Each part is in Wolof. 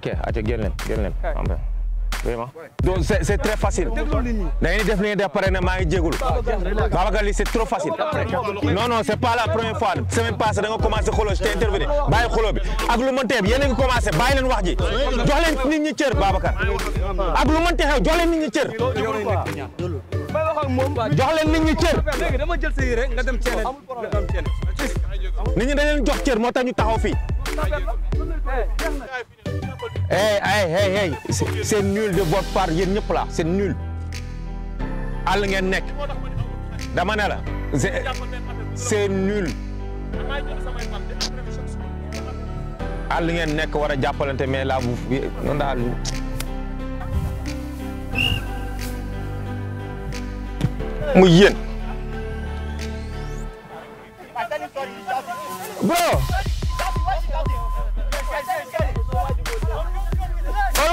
ok ati génn leen génn leen am na vraiment donc c'est c'est très facile ah, c'est trop facile ah, non c'est pas la première fois semaine passée da nga commencé xuloo si te intervenir bàyyi xuloo bi ak lu mënti xew yéen a ngi leen wax ji jox leen nit ñi cër Babacar ak lu mënti xew jox leen ñi cër jox ñi cër nit ñi dañ moo tax ñu taxaw fii hey hey hey c'est nul de votre part yéen ñëpp la c'est nul àll ngeen nekk dama ne la c'est nul àll ngeen nekk war a jàppalante mais la vous non daal mu yéen bro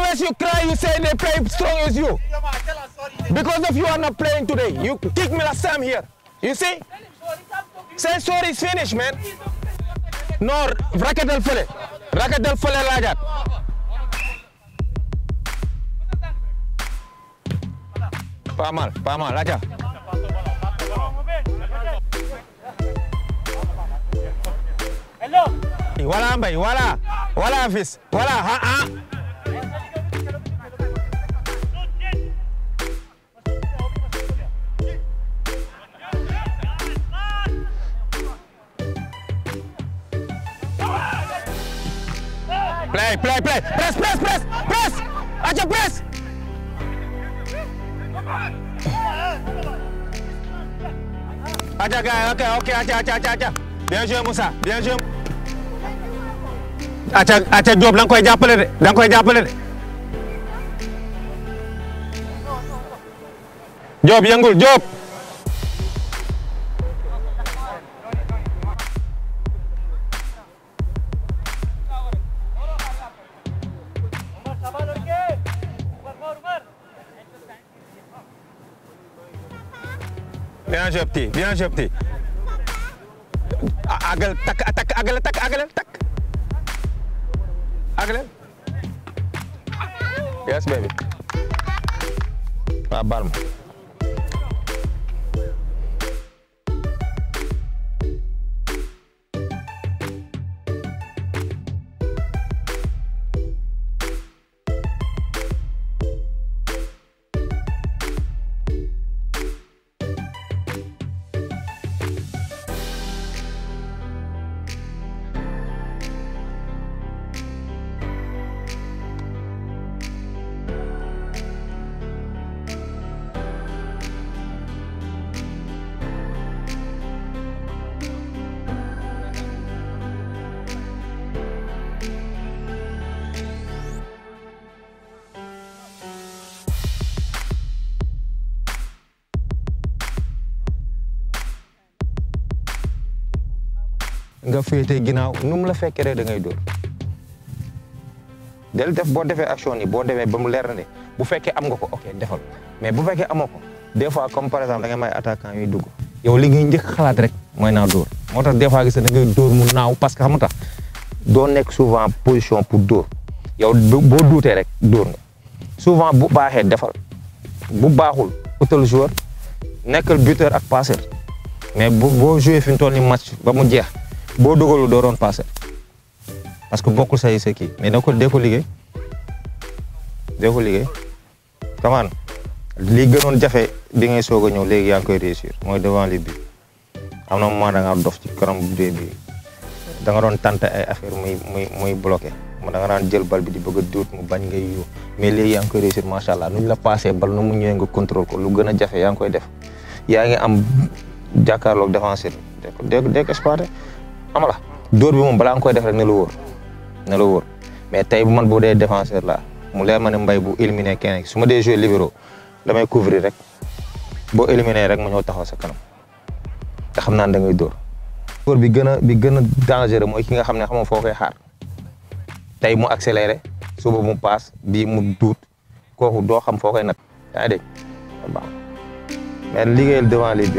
unless you cry, you say they play as you. Because of you are not playing today. You kick me last time here. You see? Say sorry is man. No, racketal fele. Racketal fele lagat. Pas mal, pas mal, aja. Hello. Voilà, mbay, play play play press press press press aca press ok ok bien joué Moussa bien joué aca aca Diop da nga koy jàppale de da nga koy jàppale bien joué petit bien joué petit àggal takk takk àggale takk àggale takk àggale yes baby waaw baal ma nga féetee ginnaaw nu mu la fekkee rek da ngay dóor del def boo defee action yi boo demee ba mu leer ne bu fekke am nga ko ok defal mais bu fekkee amoo ko des fois comme par exemple da ngay may dugg yow li ngay njëkk xalaat rek mooy naa dóor moo tax des fois gis da ngay dóor mu naaw parce que xam tax doo nekk souvent position pour dóor yow boo duutee rek dóor souvent bu baaxee defal bu baaxul utal joueur nekkal buteur ak passeur mais boo joué fi mu toll ni match ba mu jeex boo dogalu doo doon passé parce que bokk say sa kii mais da ko dee ko liggéey dee kamaan li gënoon jafe bi ngay soog a ñëw léegi yaa ngi koy réussir mooy devant les buts am na moment da ngaa ci kanam bu dee bi da doon tante ay affaire muy muy muy bloqué mu da daan jël bal bi di bëgg dut mu bañ ngay yóo mais léegi yaa ngi koy réussir macha allah nuñ la passé bal nu mu ñëwee nga contrôle ko lu gën a jafe yaa ngi koy def yaa ngi am jàkkaarloog défenseur bi dee xam la dóor bi moom balaa nga koy def rek ne la wóor ne la mais tey bu man boo dee défenseur la mu leer ma ne mbay bu éliminé keneen su ma dee joué libéraux damay couvrir rek boo éliminé rek ma ñëw taxaw sa kanam te xam naa da ngay dóor. dóor bi gën a bi gën a dangereux mooy ki nga xam ne xam nga foo koy xaar tey mu accéléré suba mu paas bii mu duut kooku doo xam foo koy nag yaa ngi dégg devant les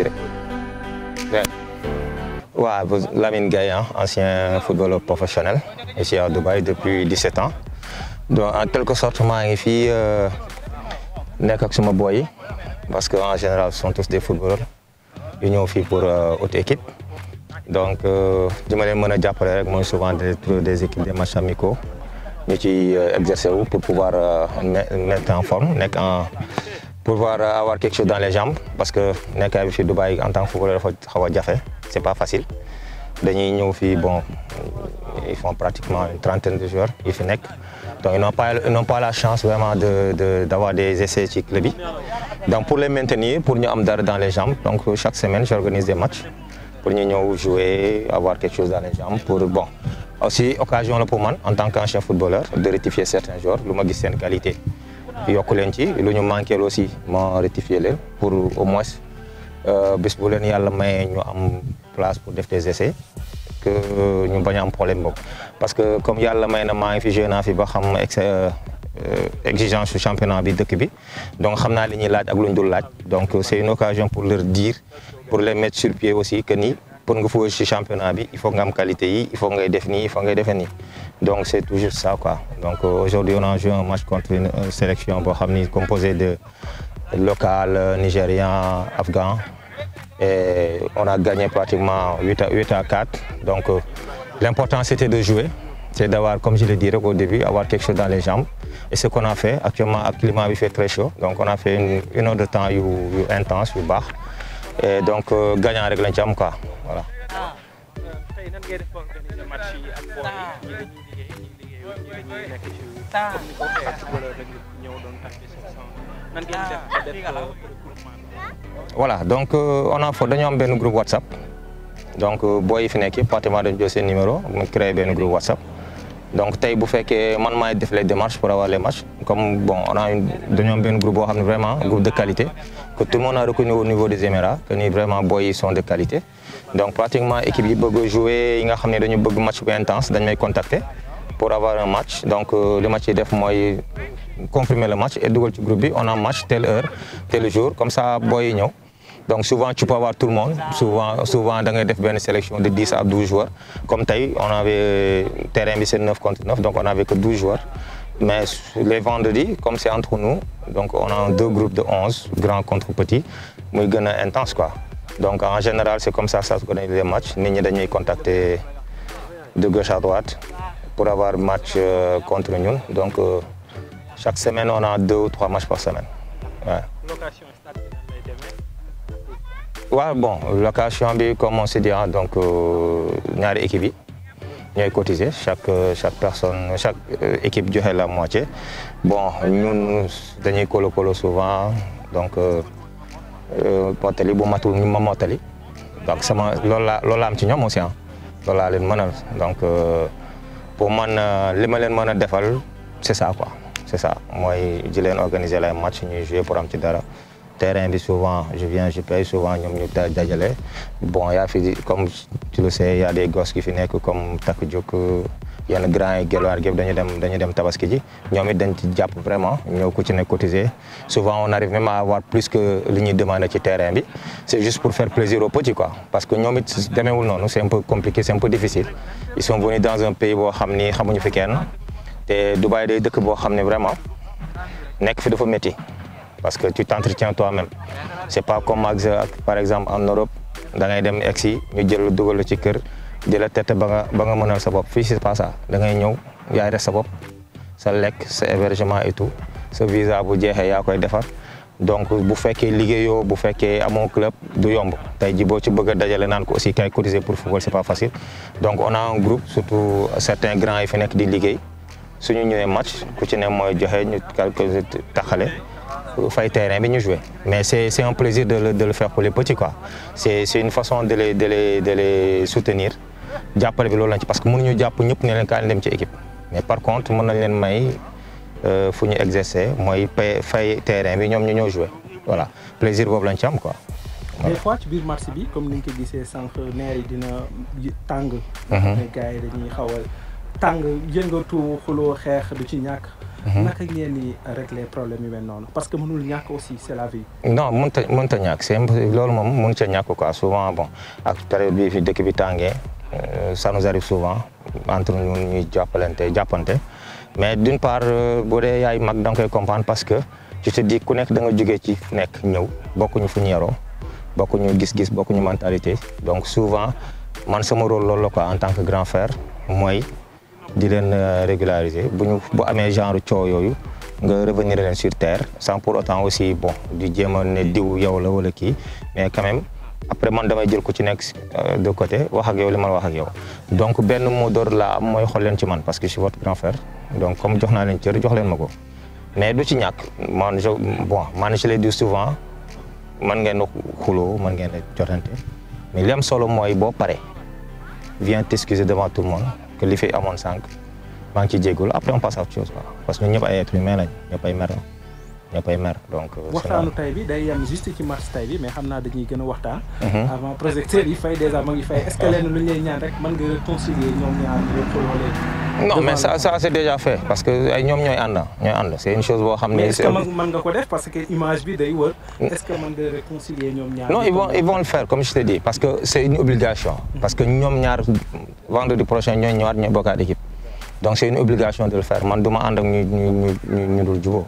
Ouais, Lamine Gaye, hein, ancien footballeur professionnel, ici à Dubaï depuis 17 ans. Donc, en quelque sorte, je ngi euh, né avec mon boy, parce qu'en général, ce sont tous des footballeurs. Ils sont fait pour euh, autre équipe. Donc, euh, je a suis avec moi souvent des, des équipes des matchs ci Nous exerçons pour pouvoir euh, mettre en forme, pour pouvoir euh, avoir quelque chose dans les jambes parce que nekkaay bi fii Dubaï en tant que footballeur dafa a jafe c'est pas facile dañuy ñëw fii bon ils font pratiquement une trentaine de joueurs yu fi nekk donc ils n'ont pas ils n'ont pas la chance de de d'avoir des essais ci club yi donc pour les maintenir pour ñu am dara dans les jambes donc chaque semaine j'organise des matchs pour ñu ñëw jouer avoir quelque chose dans les jambes pour bon aussi occasion la pour man en tant qu'ancien footballeur de rectifier certains joueurs ma gis seen qualité yokk leen ci lu ñu manqué aussi ma rectifier leen pour au moins euh, bés bu leen yàlla mayee ñu am place pour def des essais que ñu bañ a am problème boobu. parce que comme yàlla may na maa ngi fi joué fi ba xam ex euh, exigence su championnat bi dëkk bi donc xam naa li ñuy laaj ak lu ñu dul laaj donc c' est une occasion pour leur dire pour les mettre sur pied aussi que nii pour nga foofu ci championnat bi il faut nga am qualité yi il faut ngay def nii il faut ngay defee nii. Donc c'est toujours ça quoi. Donc aujourd'hui on a joué un match contre une, une sélection composée de locales, euh, nigériens, afghans. Et on a gagné pratiquement 8 à, 8 à 4. Donc euh, l'important c'était de jouer, c'est d'avoir, comme je le dirais de début, avoir quelque chose dans les jambes. Et ce qu'on a fait, actuellement, le climat fait très chaud. Donc on a fait une, une de temps you, you intense, you bar. Et donc euh, gagnant avec les jambes quoi. Voilà. Ah. Euh, ñuy donc euh, on a fa dañoo benn groupe WhatsApp donc euh, booy fi nekk yëpp pratiquement dañu jël seen numéro mu créé benn groupe WhatsApp donc tey bu fekkee man maay def les démarches pour avoir les matchs comme bon on a une dañoo am benn groupe boo xam ne vraiment groupe de qualité que tout le a reconnu au niveau des Émirats que ni vraiment boy yi sont de qualité donc pratiquement équipe yi bëgg jouer yi nga xam ne dañu bëgg match bu intense dañ may contacter. pour avoir un match. Donc euh, le match def moi confirmer le match et double groupe on a un match telle heure, tel jour comme sa boy ñeu. Donc souvent tu peux avoir tout le monde, souvent souvent da ngay def une sélection de 10 à 12 joueurs. Comme taille, on avait terrain c'est 9 contre 9 donc on avait que 12 joueurs. Mais les vendredis, comme c'est entre nous, donc on a deux groupes de 11, grands contre petits, mais intense quoi. Donc en général, c'est comme ça ça se connaît les matchs. Nous, nous contacter de gauche pour avoir match euh, contre nous. Donc, euh, chaque semaine, on a deux ou trois matchs par semaine. Ouais. bon, location, comme on se dit, hein, donc, euh, ñaari nous avons équipe. cotisé. Chaque, euh, chaque personne, chaque euh, équipe a la moitié. Bon, nous, nous, nous colo souvent. Donc, euh, euh, nous avons Donc, c'est ce que Donc, pour man euh, li ma leen mën a defal c'est ça quoi c'est ça mooy di leen organiser la match ñuy jouer pour am ci dara terrain bi souvent je viens je paye souvent ñoom ñu dajale bon yaa fi comme tu le sais y a des gosses qui fi nekk comme takk jóg euh, yenn grand yi gelwaar yëpp dañu dem dañu dem tabaski ji ñoom it dañ ci jàpp vraiment ñëw ku ci ne cotiser souvent on arrive même à avoir plus que li ñuy demandé ci terrain bi c'est juste pour faire plaisir aux petits parce que ñoom it demeewul noonu c'est un peu compliqué c'est un peu difficile ils sont venus dans un pays boo xam ni xamuñu fi kenn te Dubaï day dëkk boo xam ne vraiment nekk fi dafa métti parce que tu t'entretiens toi-même c'est pas comme ak par exemple en Europe da ngay dem egg si ñu jël dugal la ci kër di la tette ba nga ba nga mënal sa bopp fii c'est pas ça da ngay ñëw yaay def sa bopp sa lekk sa hébergement et tout sa visa bu jeexee yaa koy defar donc bu fekkee liggéeyoo bu fekkee amoo club du yomb tey ji boo ci bëgg a dajale naan ko aussi kay cotiser pour football c'est pas facile donc on a un groupe surtout certains grands yi fi nekk di liggéey suñu ñëwee match ku ci ne mooy joxe ñu quelque taxale fay terrain bi ñu jouer mais c'est c'est un plaisir de le de le faire pour c'est une façon de les de les soutenir jàppale bi loolu lañ ci parce que mënuñu jàpp ñëpp ne leen kaa leen ci équipe mais par contre mën nañ leen may euh, fu ñu exercer mooy fay terrain bi ñoom ñu ñoo jouer voilà plaisir boobu lañ ci am quoi. des ci biir marché bi comme ni nga ko gisee sànq neer yi dina tàng. Mhm. gars yi dañuy xawal tàng yëngatu xuloo xeex du ci ñàkk. Mhm. naka ngeen di régler problème yu mel noonu parce que mënul ñàkk aussi c'est la vie. non mënut a loolu moom mënut a ñàkk quoi souvent bon ak période bi fi dëkk bi tàngee euh, ça nous arrive souvent entre nous ñuy jàppalante jàppante mais d'une part euh, boo dee yaay mag da nga parce que je te dis ku nekk da nga jógee ci nekk ñëw bokku ñu fu ñu yaroo bokkuñu gis-gis bokkuñu mentalité donc souvent man sama rôle loolu la quoi en tant que grand frère mooy. di leen euh, régulariser bu ñu bu amee genre coow yooyu nga revenir leen sur terre sans pour autant aussi bon di jéem a ne diw yow la wala kii mais quand après man damay jël ku ci nekk euh, de côté wax ak yow li man wax ak yow donc benn mot door laa am mooy xool leen ci man parce que je suis votre grand frère donc comme jox naa leen cër jox leen ma ko mais du ci ñàkk man je bon man je l'ai dit souvent man ngeen xuloo man ngeen jotante mais li solo mooy boo pare viens t'excuser devant tout le monde que li fi amoon sànq maa ngi ciy après on passe chose parce que ñun ñëpp ay lañ ñëpp mer ñëpp mer donc. Euh, waxtaanu tay bi day yem juste ci match tay bi mais xam naa dañuy gën a waxtaan. Mhm. avant projecteurs yi fay dèjà ma ngi fay. est ce lu ñaan rek mën nga concilier ñoom ñaar ñëpp non mais ça ça c'est déjà fait parce que ay euh, ñoom ñooy ànd ñooy ànd c'est une chose boo xam ne. est-ce que mën nga ko def parce que image bi day wër. est-ce que mën nga ñoom ñaar. non ils vont ils vont comme je te dis parce que c'est une obligation. Mhm. parce que ñoom ñaar vendredi prochain ñooy ñooy bokkaat équipe. donc c'est une obligation de le faire man du ma ñu ñu ñu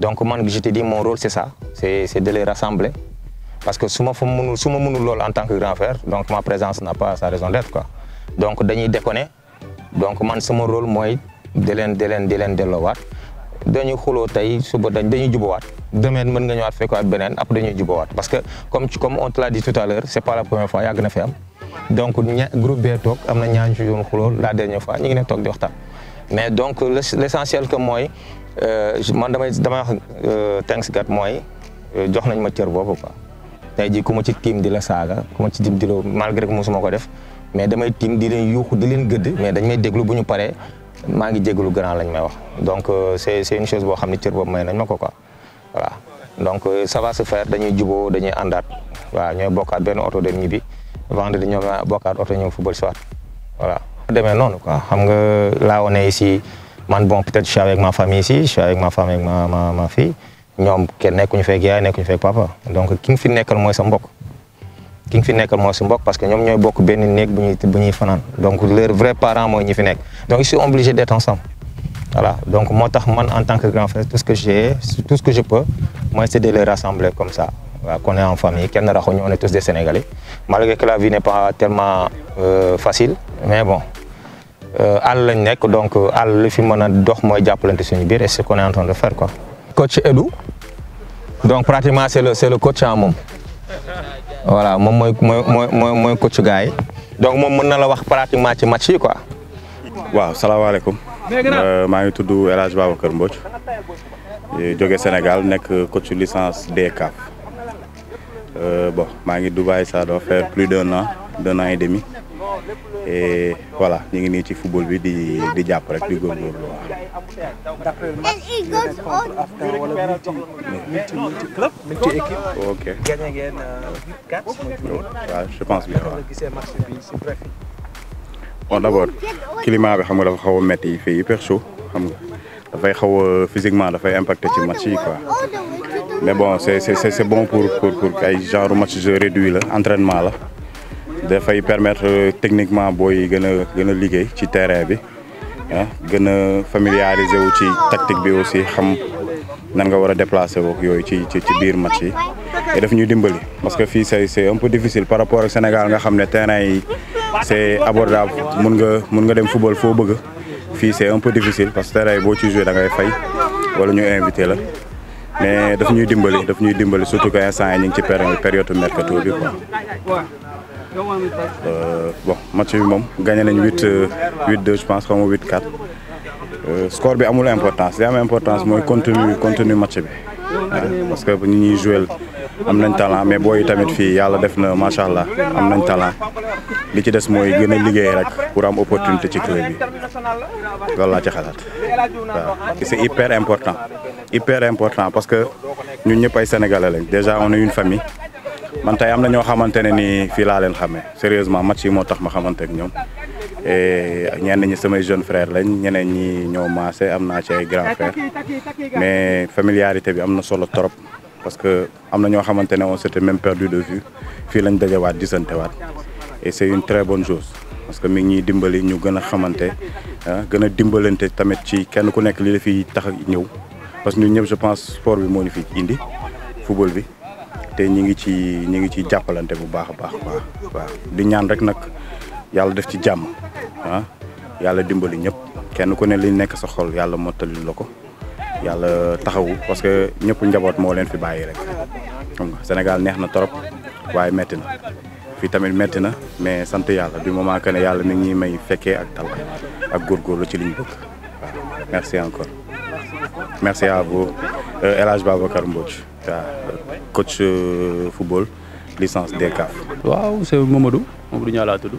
donc man je te dis mon rôle c'est ça c'est c'est de les rassembler parce que su ma fa mënul lool en tant que grand frère donc ma présence n'a pas sa raison donc man sama rôle mooy di leen di leen di leen delloowaat dañu xuloo tey suba dañ dañuy jubawaat demain mën nga ñëwaat fekkowaat beneen après dañuy jubawaat parce que comme comme on te l'a dit tout à l'heure c'est pas la première fois yàgg na fi am donc ña groupe bee toog am na ñaañ ci doon xuloo la dernière fois ñu ngi ne toog di waxtaan mais donc l'essentiel que mooy euh, man damay damay wax euh, thanks God mooy euh, jox nañ ma cër boobu quoi tey jii ku ma ci tiim di la saaga ku ma ci tiim di la malgré que mosuma ko def mais damay tiim di leen yuuxu di leen gëdd mais dañ may déglu bu ñu paree maa ngi jégalu grand lañ may wax donc euh, c'est c'est une chose boo xam ne cër boobu may nañ ma ko quoi voilà donc euh, ça va se faire dañuy juboo dañuy àndaat waaw ñooy bokkaat benn oto dem ñibbi vendredi ñoom ñooy bokkaat oto ñëw football soit voilà. demee noonu quoi xam nga là on est man bon peut-être je suis avec ma famille ici je suis ma femme ma ma ñoom kenn nekkuñu fekk yaay nekkuñu fekk papa donc ki nga fi nekkal mooy sa mbokk. ki nga fi nekkal moo si mbokk parce que ñoom ñooy bokk benn néeg bu ñuy bu ñuy fanaan donc leur vrai parent mooy ñi fi nekk donc ils sont obligés d'être ensemble voilà donc moo tax man en tant que grand frère tout ce que j'ai tout ce que je peux mooy c'est de les rassembler comme ça waaw en famille kenn raxuñu on tous des Sénégalais malgré que la vie n'est pas tellement euh, facile mais bon euh, àll lañ nekk donc àll li fi mën a dox mooy jàppalante suñu biir et c'est ce qu'on est en train faire quoi moom voilà moom mooy mooy mooy mooy coach gars donc moom mën na la wax pratiquement ci match yi quoi. waaw salaamaaleykum euh, maa ngi tudd El Hadj Babacar Mbodj jóge Sénégal nekk coach licence DCAF euh, bon maa ngi Dubaï ça doit faire plus d'un an d'un an et demi. et voilà ñu ngi nii ci football bi di di jàpp rek di góorgóorlu waaw. ok. waaw je pense bien waaw. bon d' abord bi xam nga dafa xaw a métti yi fii hyper xam nga dafay xaw a physiquement dafay impacté ci match yi quoi mais bon c' est c' est c' bon pour pour ay genre match je réduit la entraînement la. dafay permettre euh, techniquement booy gën a gën a liggéey ci terrain bi ah gën a familiariser wu ci tactique bi aussi xam nan nga war a déplacer woo yooyu ci ci ci biir match yi et daf ñuy dimbali parce que fii c'est c'est un peu difficile par rapport ak Sénégal nga xam ne terrain yi c'est abordable mun nga mun nga dem football foo bëgg fii c'est un peu difficile parce que terrain yi boo ci joué da ngay fay wala ñu invité la mais daf ñuy dimbali daf ñuy dimbali surtout que instant yi ñu ngi ci période période mercato bi quoi. Euh, bon match bi moom gagné nañ huit euh, huit deux je pense xaw ma huit quatre euh, score bi amul importance li am importance mooy contenu contenu match bi parce que ñi ñuy joué am nañ talent mais booy tamit fi yàlla def na macha allah am nañ talent li ci des mooy gën a liggéey rek pour am opportunité ci club bi loolu laa ci xalaat waaw. c'est hyper important hyper important parce que ñun ñëpp ay sénégalais lañ déjà on est une famille. man am na ñoo xamante ne nii fii laa leen xamee sérieusement match yi moo tax ma xamante ak ñoom ñenn ñi samay jeune frère lañ ñeneen ñi ñoo maase am naa ci ay grand frère mais familiarité bi am na solo trop parce que am na ñoo xamante ne on s'était même perdu de vue fii lañ dajawaat disantewaat et c'est une très bon chose parce que mi ngi ñuy dimbali ñu gën a xamante ah gën a dimbalante tamit ci kenn ku nekk li la fiy tax a ñëw parce que ñu ñëpp je pense sport bi moo ñu fi indi football bi. te ñi ngi ci ñi ngi ci jàppalante bu baax a baax waaw waaw di ñaan rek nag yàlla def ci jàmm ah. yàlla dimbali ñëpp kenn ku ne li nekk sa xol yàlla mottali la ko yàlla taxawu parce que ñëpp njaboot moo leen fi bàyyi rek xam nga Sénégal neex na trop waaye metti na fii tamit metti na mais sant yàlla di moment que ne yàlla mi ngi may fekkee ak tal ak la ci liñ ñu bëgg waaw merci encore merci à vous euh, El Hadj Babacar Mbodj Keita coach euh, football licence DCAF. waaw c'est Mamadou Mamadou Niang laa tudd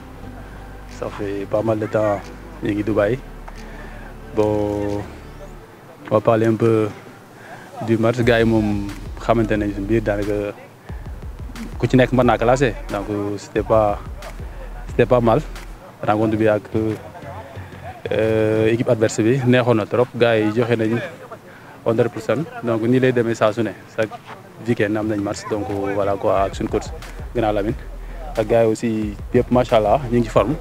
ça fait pas mal de temps ñu ngi Dubaï bon on va parler peu du match gars yi moom xamante nañu suñu biir daanaka ku ci nekk ma naa classé donc c'était pas c'était pas mal rencontre bi ak euh, équipe adverse bi neexoon na trop gars yi nañu. 100 pour donc nii lay demee saa su chaque weekend am nañ match donc voilà quoi ak suñu coach Grand Lamine ak gars aussi yëpp macha allah ñu ngi ci forme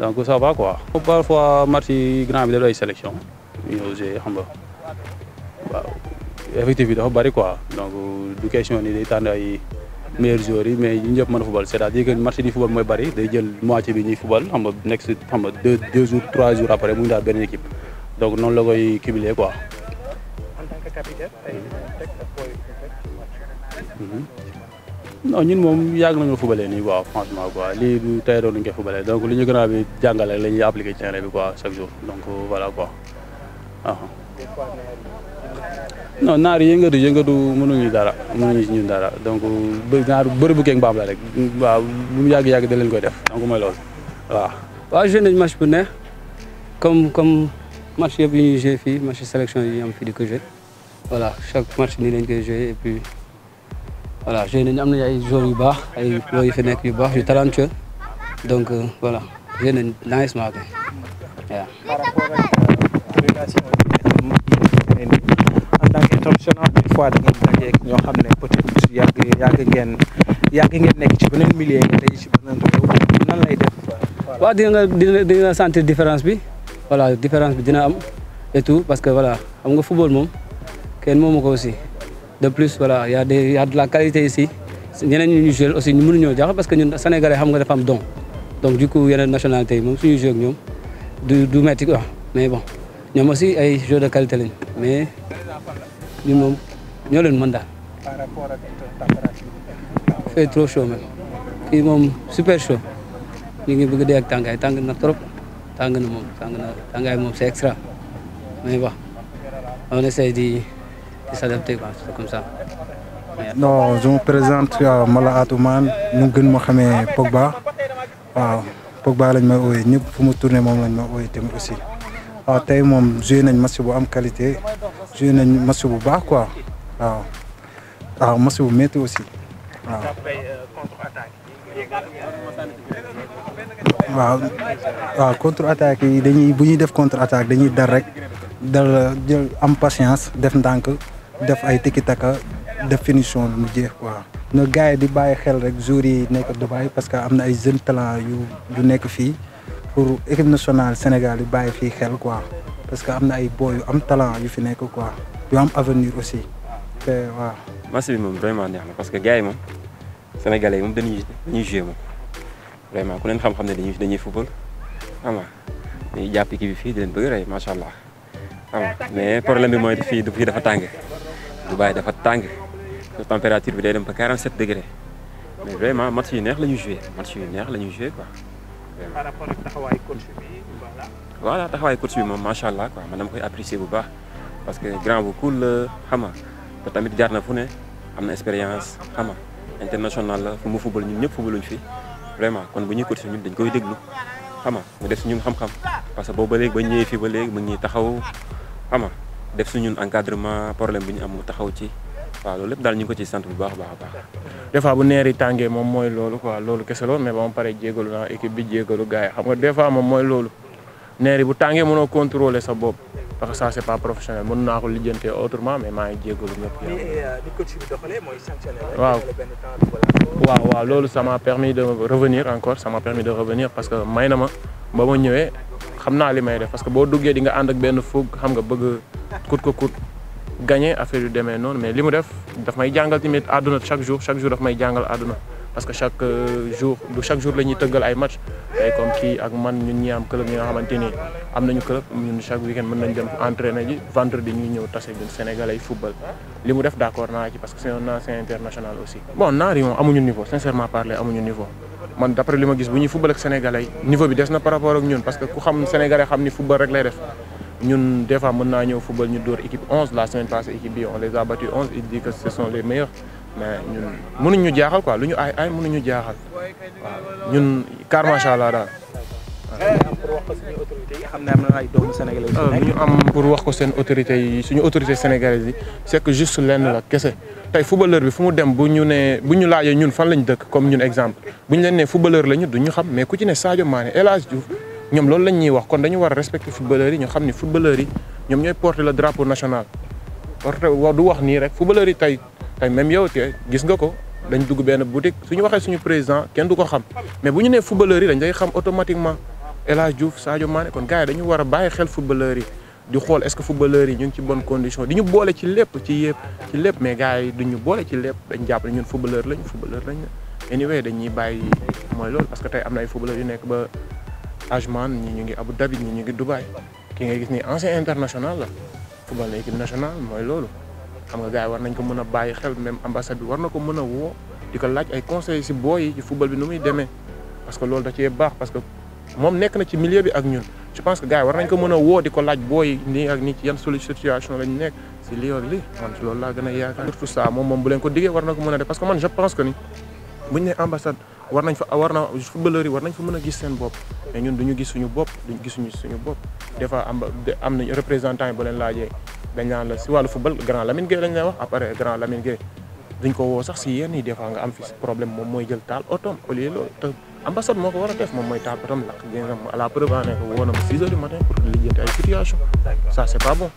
donc ça va quoi. parfois match yi grand bi da doy sélection ñoo joué xam nga waaw effectif bi dafa bari quoi donc du question ni day tànn ay meilleurs mais ñu ñëpp mën a fubal c'est-à-dire que match di fubal mooy bari day jël moitié bi ñuy fubal xam nga nekk xam deux jours trois jours après mu ngi daal benn capitaine ay mhm. ñun moom yàgg nañu fubalee nii waaw franchement quoi lii du tey doon nañu koy fubalee donc li ñu gën a bi jàngale la ñuy bi quoi chaque jour donc voilà quoi ah. naar yi yëngatu yëngatu mënuñu dara mënuñu ci ñun dara donc bë bëri bu keeg mbaam la rek waaw bu mu yàgg-yàgg da leen koy def donc mooy loolu waaw. waaw joué nañu match bu neex comme comme match yëpp yu ñuy joué match sélection yi am fii di ko joué. voilà chaque match nii lañ koy joué et puis voilà joué nañu am nañu ay joueurs yu baax ay boo yu fi nekk yu baax yu talentueux donc euh, voilà joué nañu lancement bi waaw. par rapport ak relation yi ñoo xam ne peut-être yàgg yàgg ngeen yàgg ngeen nekk ci beneen milieu nga tey ci beneen réew nan lay waaw dina nga dina dina sentir différence bi voilà différence bi dina am et parce que voilà xam nga football moom. kenn moom ko aussi de plus voilà y a des y a de la qualité ici ñeneen ñu ñu joué ñu mënuñoo jaaxal parce que ñun sénégalais xam nga dafa am don donc du coup yeneen nationalité yi moom suñu joué ak ñoom du du metti quoi mais bon ñoom aussi ay joueurs de qualité lañ mais ñun moom ñoo leen mën daal. par rapport ak trop chaud même fii moom super chaud ñu ngi bëgg dee ak tàngaay tàng na trop tàng na moom tàng na tàngaay moom c'est extra mais bon on di. de s'adapter quoi c'est comme ça. non euh, gën ma xamee Pogba waaw Pogba lañ may ooyee ñëpp fu ma tourné moom lañ ma ooyee tamit aussi tey moom joué nañ match bu am qualité joué nañ match bu baax quoi waaw waaw match bu aussi waaw. waaw waaw contre attaque yi dañuy bu ñuy def contre attaque dañuy dal rek dal am patience def ndànk. def ay tiki takk def finition bi mu jeex quoi. na gars yi di bàyyi xel rek jour yi nekk Dubaï parce que am na ay jeunes talent yu yu nekk fii pour équipe nationale Sénégal yi bàyyi fii xel quoi parce que am na ay boy yu am talent yu fi nekk quoi yu am avenir aussi te waaw. match moom vraiment neex na parce que gars yi moom sénégalais yi moom dañuy dañuy joué moom vraiment ku leen xam-xam ne dañuy dañuy football xam nga dañuy jàpp équipe fii di leen bëgg allah xam nga mais problème mooy fii fii dafa tàng. Dubaï dafa tàng température bi day dem ba 47 degré mais vraiment match yu neex lañu ñu joué match yu neex la ñu joué quoi. par rapport ak taxawaayu coach bi moom macha allah quoi man dama koy apprécier bu baax parce que grand bu cool la xam tamit jaar na fu ne am na expérience xam nga international la fu mu football ñun ñëpp footballuñ fi vraiment kon bu ñuy coach ñun dañ koy déglu xam nga mu def si ñu xam-xam parce que boobu ba léegi ba ñëwee fii ba léegi mu ngi taxaw xam def ñun encadrement problème bi ñu am mu taxaw ci waaw loolu lépp daal ñu ko ci sant bu baax baax baax. des fois bu neer yi tàngee moom mooy loolu quoi loolu kese loolu mais ba ma paree jégalu naa équipe bi jégalu gars yi xam fois moom mooy loolu neer yi bu tàngee mënoo contrôler sa bopp parce que ça c'est pas professionnel mën naa ko lijjantee autrement mais maa ngi jégalu ñëpp. Euh, ni coach waaw waaw waaw loolu sama m'a permis de revenir encore sama m'a permis de revenir parce que may na ma ba ma ñëwee. xam naa li may def parce que boo duggee di nga ànd ak benn fug xam nga bëgg kut ko kut gagné yu demee noonu mais li mu def daf may jàngal tamit àdduna chaque jour chaque jour daf may jàngal àdduna parce que chaque euh, jour du chaque jour la ñuy tëggal ay match ay comme kii ak man ñun ñi am club ñi nga xamante ni am nañu club ñun chaque weekend mën nañ dem entraîner ji vendredi ñuy ñëw tase ñun Sénégalais yi football li mu def d' accord naa ci parce que c'est un ancien international man d'après li ma gis bu ñuy football ak sénégalais yi niveau bi des na par rapport ak ñun parce que ku xam sénégalais xam ni football rek lay def ñun des fois mën naa ñëw football ñu dóor équipe 11 la semaine passée équipe bi on les a battu 11 il dit que ce sont les meilleurs mais ñun mënuñ ñu jaaxal quoi lu ñu aay aay mënuñ ñu jaaxal waaw ñun car macha allah daal. Euh, ñu am pour wax ko seen autorités yi suñu autorité sénégalaises yi c'est que juste lenn la kese. tey footballeur bi fu mu dem bu ñu nee bu ñu laajee ñun fan lañ dëkk comme ñun exemple bu ñu leen nee footballeur lañu du ñu xam mais ku ci ne Sadio Mané El Hadj Diouf ñoom loolu lañ ñuy wax kon dañu war a respecter footballeur yi ñu xam ni footballeur yi ñoom ñooy porter le drapeau national. porter du wax nii rek footballeur yi tey tey même yow te gis nga ko dañ dugg benn boutique suñu waxee suñu président kenn du ko xam mais bu ñu nee footballeur yi dañ day xam automatiquement El Hadj Diouf kon gars yi war a bàyyi xel footballeur yi. di xool est-ce que footballeurs yi ñu ngi ci bonne condition di ñu boole ci lépp ci yëpp lépp mais gars yi duñu boole ci lépp dañ jàpp ne ñun footballeur lañ footballeur lañ anyway dañuy bàyyi mooy loolu parce que tey am na ay footballeur yu nekk ba Ajman ñi ñu ngi Abu Dhabi ñi ñu ngi Dubaï ki ngay gis ni ancien international la football na équipe nationale mooy loolu xam nga gaa yi war nañ ko mën a bàyyi xel même ambassade bi war na ko mën a woo di ko laaj ay conseils si booy bi nu muy demee parce que loolu da baax parce que moom nekk na ci milieu bi ak ñun je pense que gars yi war nañ ko mën a woo di ko laaj booy nii ak nii ci yan situation la nekk si lii ak lii man ci loolu laa gën a yaakaar. surtout ça moom moom bu leen ko diggee war a nañ fa mën a gis seen bopp mais ñun duñu gis suñu bopp duñu gis suñu suñu bopp des fois am am nañ représentant yi bu leen laajee dañ naan la si wàllu football grand Lamine Gueye lañ lay wax après grand Lamine Gueye duñ ko woo sax si yenn yi des nga am fi problème moom mooy jël ambassade moo ko war a def moom mooy tàmpatam ndax gis nga à la preuve en est que woo ma 6 heures du matin pour que lijjanti ay situation